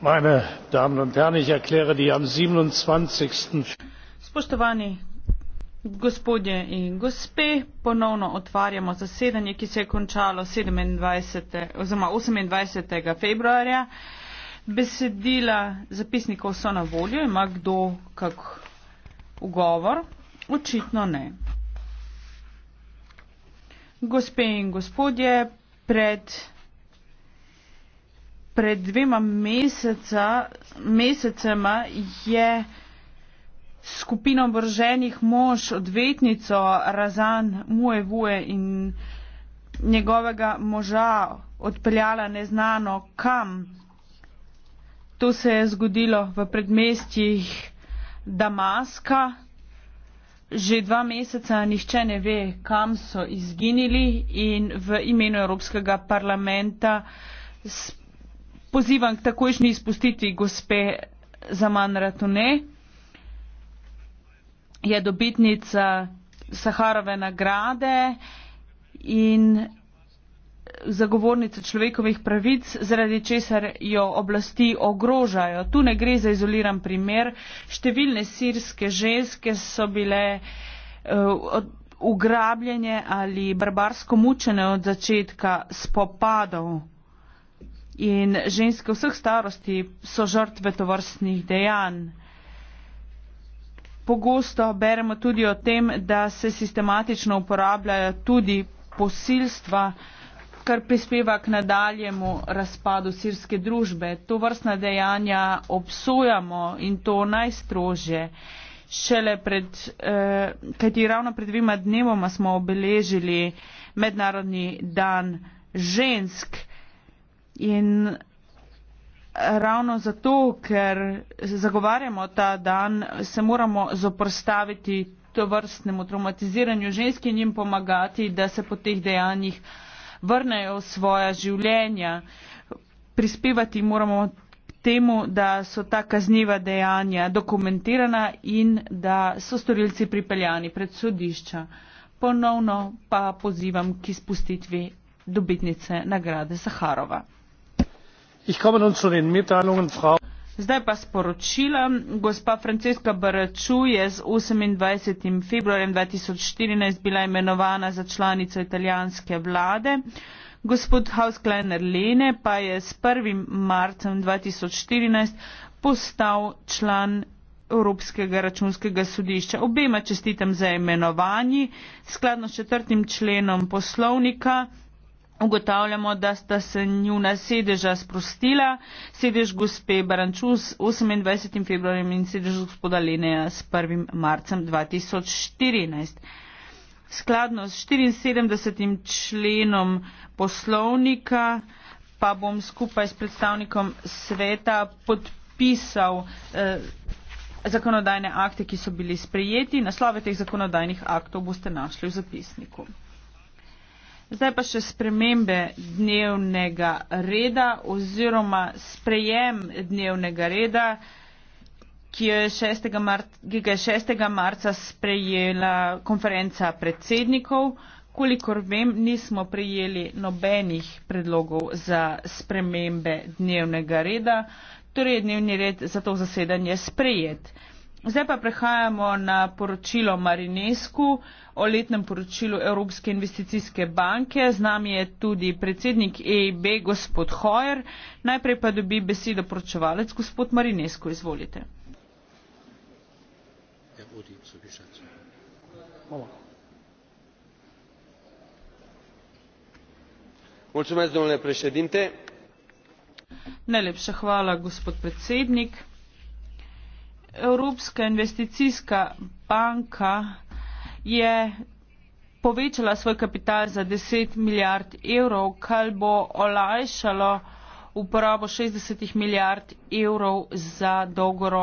meine damen und herren ich erkläre die am. siebenundzwanzig spoštovani gospodje in gospe ponovno otvarjamo zasedanje ki se je končalo sedemindvajset oziroma osemindvajset februarja besedila zapisnikov so na voljo ima kdo kak ugovor očitno ne gospe in gospodje pred pred dvema meseca, mesecema je skupina oboroženih mož odvetnico Razan Muevue in njegovega moža odpeljala neznano kam. To se je zgodilo v predmestjih Damaska. Že dva meseca nihče ne ve, kam so izginili in v imenu Evropskega parlamenta pozivam k takojšnji izpustiti gospe Zaman Ratune. Je dobitnica Saharove nagrade in zagovornica človekovih pravic, zaradi česar jo oblasti ogrožajo. Tu ne gre za izoliran primer. Številne sirske ženske so bile eh, ugrabljene ali barbarsko mučene od začetka spopadov in ženske vseh starosti so žrtve tovrstnih dejanj. Pogosto beremo tudi o tem, da se sistematično uporabljajo tudi posilstva, kar prispeva k nadaljemu razpadu sirske družbe. To vrstna dejanja obsojamo in to najstrože. Šele pred, eh, kajti ravno pred dvima dnevoma smo obeležili mednarodni dan žensk. In ravno zato, ker zagovarjamo ta dan, se moramo zoprstaviti to vrstnemu traumatiziranju ženski in jim pomagati, da se po teh dejanjih vrnejo v svoja življenja. Prispevati moramo temu, da so ta kazniva dejanja dokumentirana in da so storilci pripeljani pred sodišča. Ponovno pa pozivam k izpustitvi dobitnice nagrade Saharova zdaj pa sporočila gospa francesca baraču je z osemindvajset februarjem dva tisoč štirinajst bila imenovana za članico italijanske vlade gospod hauskleiner lehne pa je s prvim marcem dva tisoč štirinajst postal član evropskega računskega sodišča obema čestitam za imenovanji skladno s četrtim členom poslovnika Ugotavljamo, da sta se njuna sedeža sprostila, sedež gospe Barančus 28. februarjem in sedež gospoda Leneja s 1. marcem 2014. Skladno s 74. členom poslovnika pa bom skupaj s predstavnikom sveta podpisal eh, zakonodajne akte, ki so bili sprejeti. Naslove teh zakonodajnih aktov boste našli v zapisniku. Zdaj pa še spremembe dnevnega reda oziroma sprejem dnevnega reda, ki je 6. Mar ki je 6. marca sprejela konferenca predsednikov. Kolikor vem, nismo prejeli nobenih predlogov za spremembe dnevnega reda, torej je dnevni red za to zasedanje sprejet. Zdaj pa prehajamo na poročilo Marinesku o letnem poročilu Evropske investicijske banke. Z nami je tudi predsednik EIB, gospod Hojer. Najprej pa dobi besedo poročevalec, gospod Marinesku. Izvolite. Najlepša hvala, gospod predsednik. Evropska investicijska banka je povečala svoj kapital za 10 milijard evrov, kar bo olajšalo uporabo 60 milijard evrov za dolgoročno.